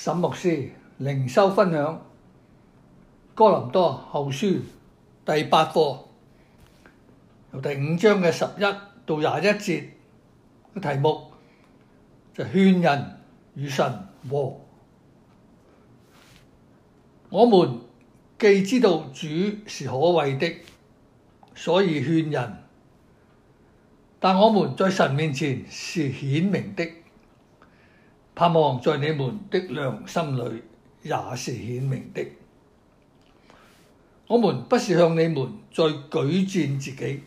沈牧師靈修分享哥林多後書第八課，由第五章嘅十一到廿一節嘅題目就勸人與神和。我們既知道主是可畏的，所以勸人；但我們在神面前是顯明的。盼望在你們的良心裏也是顯明的。我們不是向你們再舉薦自己，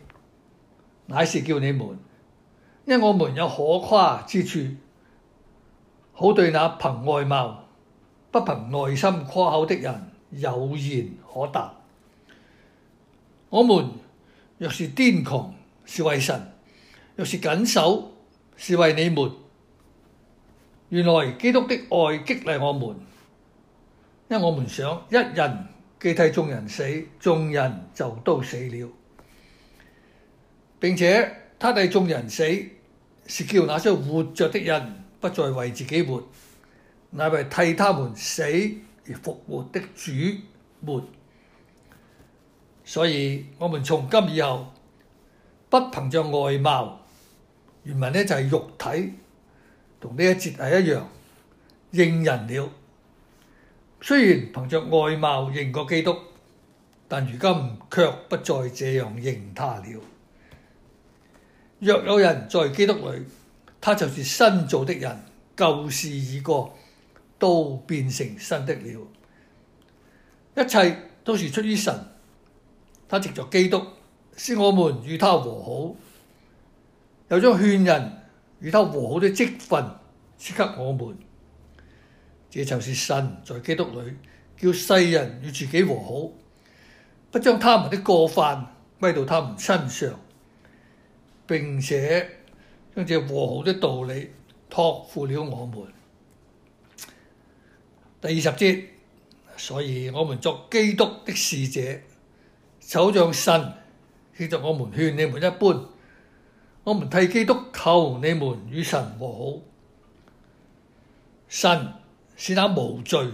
乃是叫你們因為我們有可誇之處，好對那憑外貌不憑內心誇口的人有言可答。我們若是癲狂是為神，若是謹守是為你們。原來基督的愛激勵我們，因為我們想一人既替眾人死，眾人就都死了，並且他替眾人死，是叫那些活着的人不再為自己活，乃為替他們死而復活的主活。所以我們從今以後不憑着外貌，原文呢就係肉體。同呢一節係一樣，認人了。雖然憑着外貌認過基督，但如今不卻不再這樣認他了。若有人在基督裏，他就是新造的人，舊事已過，都變成新的了。一切都是出於神，他藉著基督使我們與他和好，又將勸人。與他和好的職分，賜給我們，這就是神在基督裏叫世人與自己和好，不將他們的過犯歸到他們身上，並且將這和好的道理託付了我們。第二十節，所以我們作基督的使者，就像神，藉我們勸你們一般。我們替基督求你們與神和好。神是那無罪，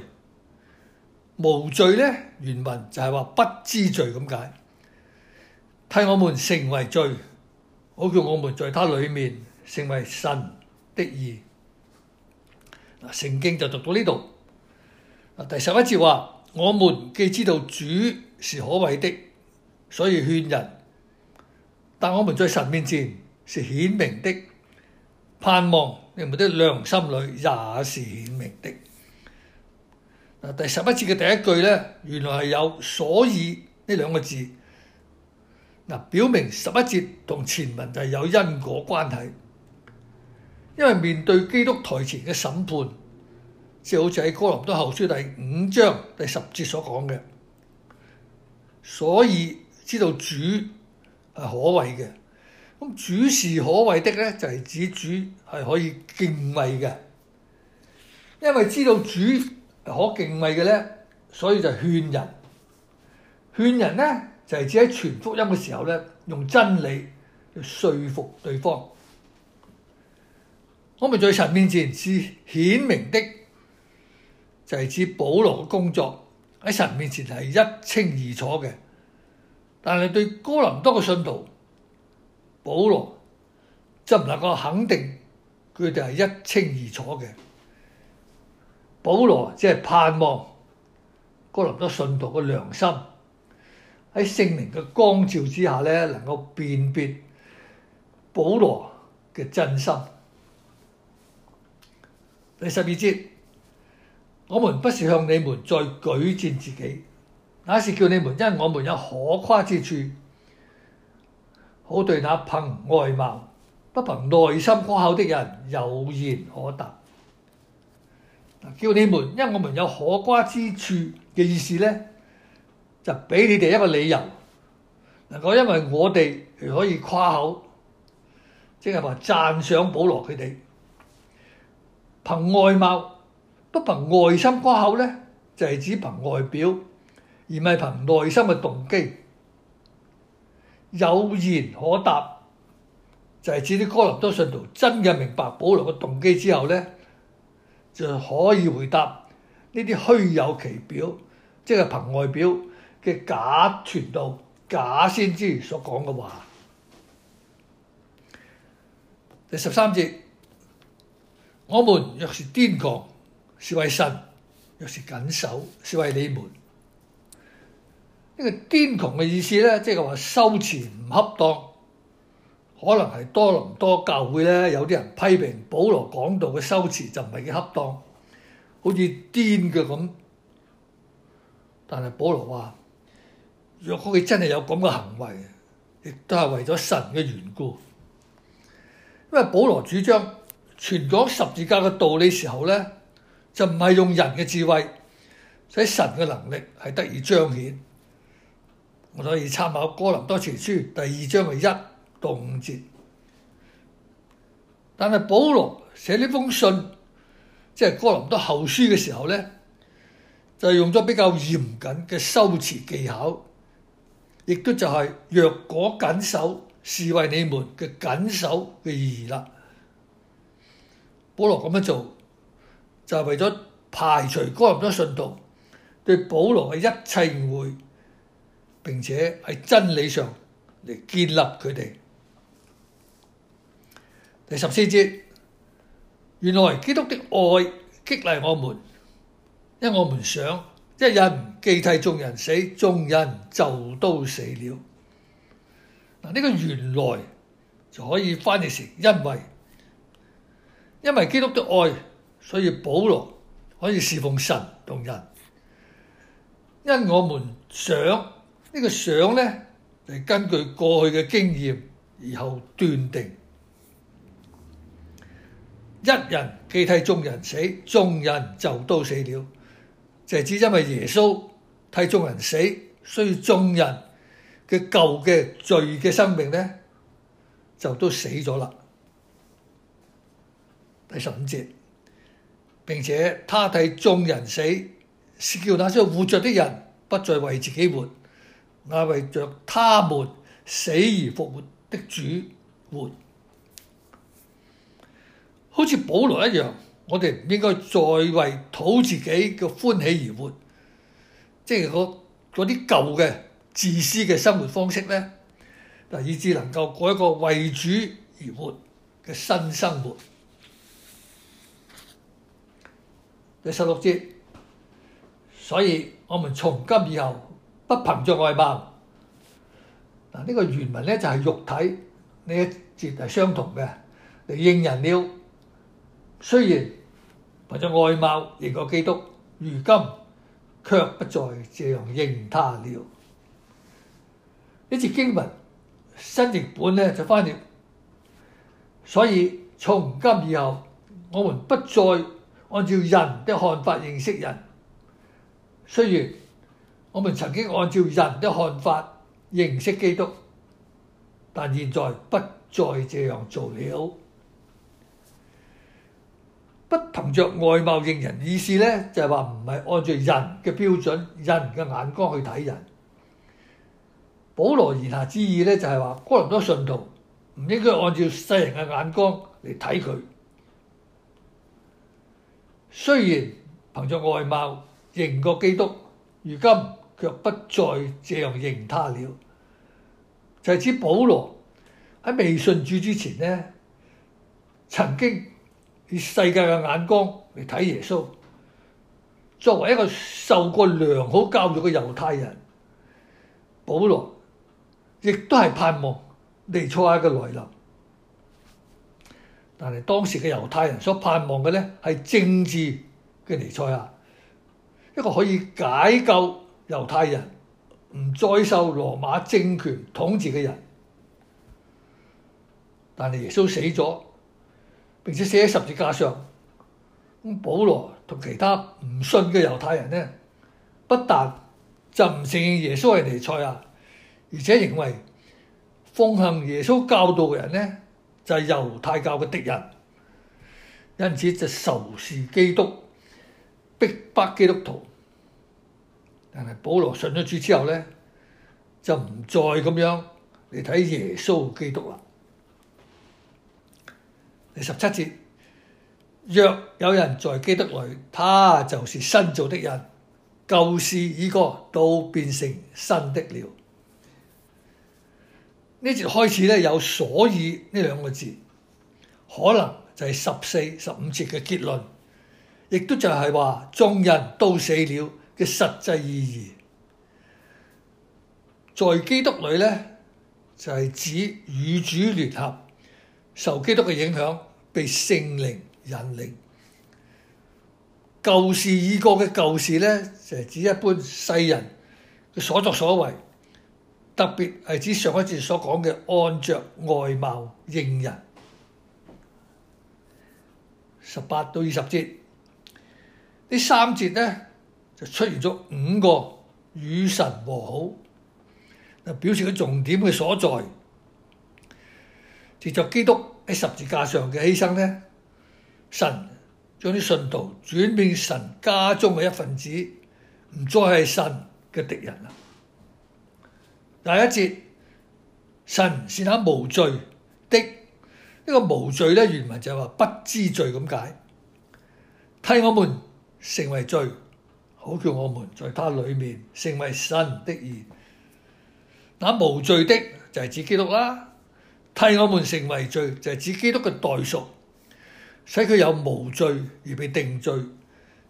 無罪呢原文就係話不知罪咁解。替我們成為罪，好叫我們在他裏面成為神的義。嗱，聖經就讀到呢度。第十一節話，我們既知道主是可畏的，所以勸人，但我們在神面前。是顯明的盼望，你們的良心裏也是顯明的。第十一節嘅第一句呢，原來係有所以呢兩個字，表明十一節同前文就係有因果關係。因為面對基督台前嘅審判，就好似喺哥林多後書第五章第十節所講嘅，所以知道主係可畏嘅。咁主,主是可畏的呢，就係指主係可以敬畏嘅，因為知道主係可敬畏嘅呢，所以就勸人。勸人呢，就係指喺傳福音嘅時候呢，用真理去說服對方。我咪在神面前是顯明的，就係指保羅嘅工作喺神面前係一清二楚嘅，但係對哥林多嘅信徒。保羅就唔能夠肯定佢哋係一清二楚嘅。保羅只係盼望哥林多信徒嘅良心喺聖靈嘅光照之下咧，能夠辨別保羅嘅真心。第十二節，我們不是向你們再舉薦自己，那是叫你們因為我們有可誇之處。好，對那憑外貌不憑內心誇口的人有言可答。叫你們，因為我們有可誇之處嘅意思咧，就俾你哋一個理由，能夠因為我哋可以誇口，即係話讚賞保羅佢哋。憑外貌不憑內心誇口咧，就係指憑外表，而唔係憑內心嘅動機。有言可答，就係指啲哥林多信徒真嘅明白保羅嘅動機之後咧，就可以回答呢啲虛有其表，即係憑外表嘅假傳道、假先知所講嘅話。第十三節，我們若是癲狂，是為神；若是謹守，是為你們。呢個癲狂嘅意思咧，即係話修辭唔恰當，可能係多倫多教會咧有啲人批評保羅講道嘅修辭就唔係幾恰當，好似癲嘅咁。但係保羅話：若果佢真係有咁嘅行為，亦都係為咗神嘅緣故。因為保羅主張傳講十字架嘅道理時候咧，就唔係用人嘅智慧，使神嘅能力係得以彰顯。我哋可以參考哥林多前書第二章嘅一到五節，但係保羅寫呢封信，即係哥林多後書嘅時候咧，就用咗比較嚴謹嘅修辭技巧，亦都就係若果緊守是為你們嘅緊守嘅意義啦。保羅咁樣做就係為咗排除哥林多信徒對保羅嘅一切誤會。並且喺真理上嚟建立佢哋。第十四節，原來基督的愛激勵我們，因我們想一人既替眾人死，眾人就都死了。嗱，呢個原來就可以翻譯成因為，因為基督的愛，所以保羅可以侍奉神同人。因我們想。呢個相咧係根據過去嘅經驗，然後斷定一人既替眾人死，眾人就都死了。就係只因為耶穌替眾人死，所以眾人嘅舊嘅罪嘅生命咧就都死咗啦。第十五節，並且他替眾人死，是叫那些活着的人不再為自己活。那為着他們死而復活的主活，好似保羅一樣，我哋唔應該再為討自己嘅歡喜而活，即係嗰啲舊嘅自私嘅生活方式呢，嗱，以致能夠過一個為主而活嘅新生活。第十六節，所以我們從今以後。不憑着外貌，嗱，呢個原文咧就係肉體，呢一節係相同嘅，嚟認人了。雖然憑著外貌認過基督，如今卻不再這樣認他了。呢節經文新譯本咧就翻譯了，所以從今以後，我們不再按照人的看法認識人，雖然。我們曾經按照人的看法認識基督，但現在不再這樣做了。不憑著外貌認人，意思呢就係話唔係按照人嘅標準、人嘅眼光去睇人。保羅言下之意呢就係話，哥林多信徒唔應該按照世人嘅眼光嚟睇佢。雖然憑著外貌認過基督，如今。卻不再這樣認他了。就係指保羅喺未信主之前呢，曾經以世界嘅眼光嚟睇耶穌。作為一個受過良好教育嘅猶太人，保羅亦都係盼望彌賽亞嘅來臨。但係當時嘅猶太人所盼望嘅咧，係政治嘅彌賽亞，一個可以解救。猶太人唔再受羅馬政權統治嘅人，但係耶穌死咗，並且死喺十字架上。咁保羅同其他唔信嘅猶太人呢，不但就唔承認耶穌係彌賽亞，而且認為奉行耶穌教導嘅人呢，就係猶太教嘅敵人，因此就仇視基督，逼迫基督徒。但係保羅信咗主之後呢，就唔再咁樣嚟睇耶穌基督啦。第十七節，若有人在基督裏，他就是新造的人，舊事已過，都變成新的了。呢節開始呢，有所以呢兩個字，可能就係十四、十五節嘅結論，亦都就係話眾人都死了。嘅實際意義，在基督裏呢，就係指與主聯合，受基督嘅影響，被聖靈引領。舊事已過嘅舊事呢，就係指一般世人嘅所作所為，特別係指上一節所講嘅按着外貌認人。十八到二十節呢三節呢，就出現咗五個與神和好，表示咗重點嘅所在。藉著基督喺十字架上嘅犧牲呢，神將啲信徒轉變成神家中嘅一份子，唔再係神嘅敵人啦。第一節，神是那無罪的，呢、呢個無罪呢，原文就係話不知罪咁解，替我們成為罪。好叫我們在祂裡面成為神的義，那無罪的就係指基督啦，替我們成為罪就係指基督嘅代贖，使佢有無罪而被定罪，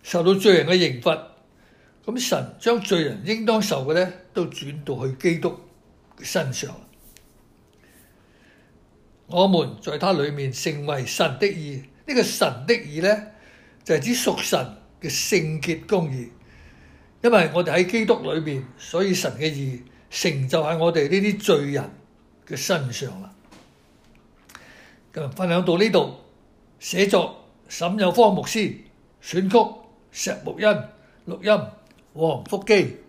受到罪人嘅刑罰。咁神將罪人應當受嘅呢，都轉到去基督身上。我們在祂裡面成為神的義，呢個神的義呢，就係指屬神嘅聖潔公義。因為我哋喺基督裏邊，所以神嘅義成就喺我哋呢啲罪人嘅身上啦。今日分享到呢度，寫作沈有方牧師，選曲石木恩，錄音王福基。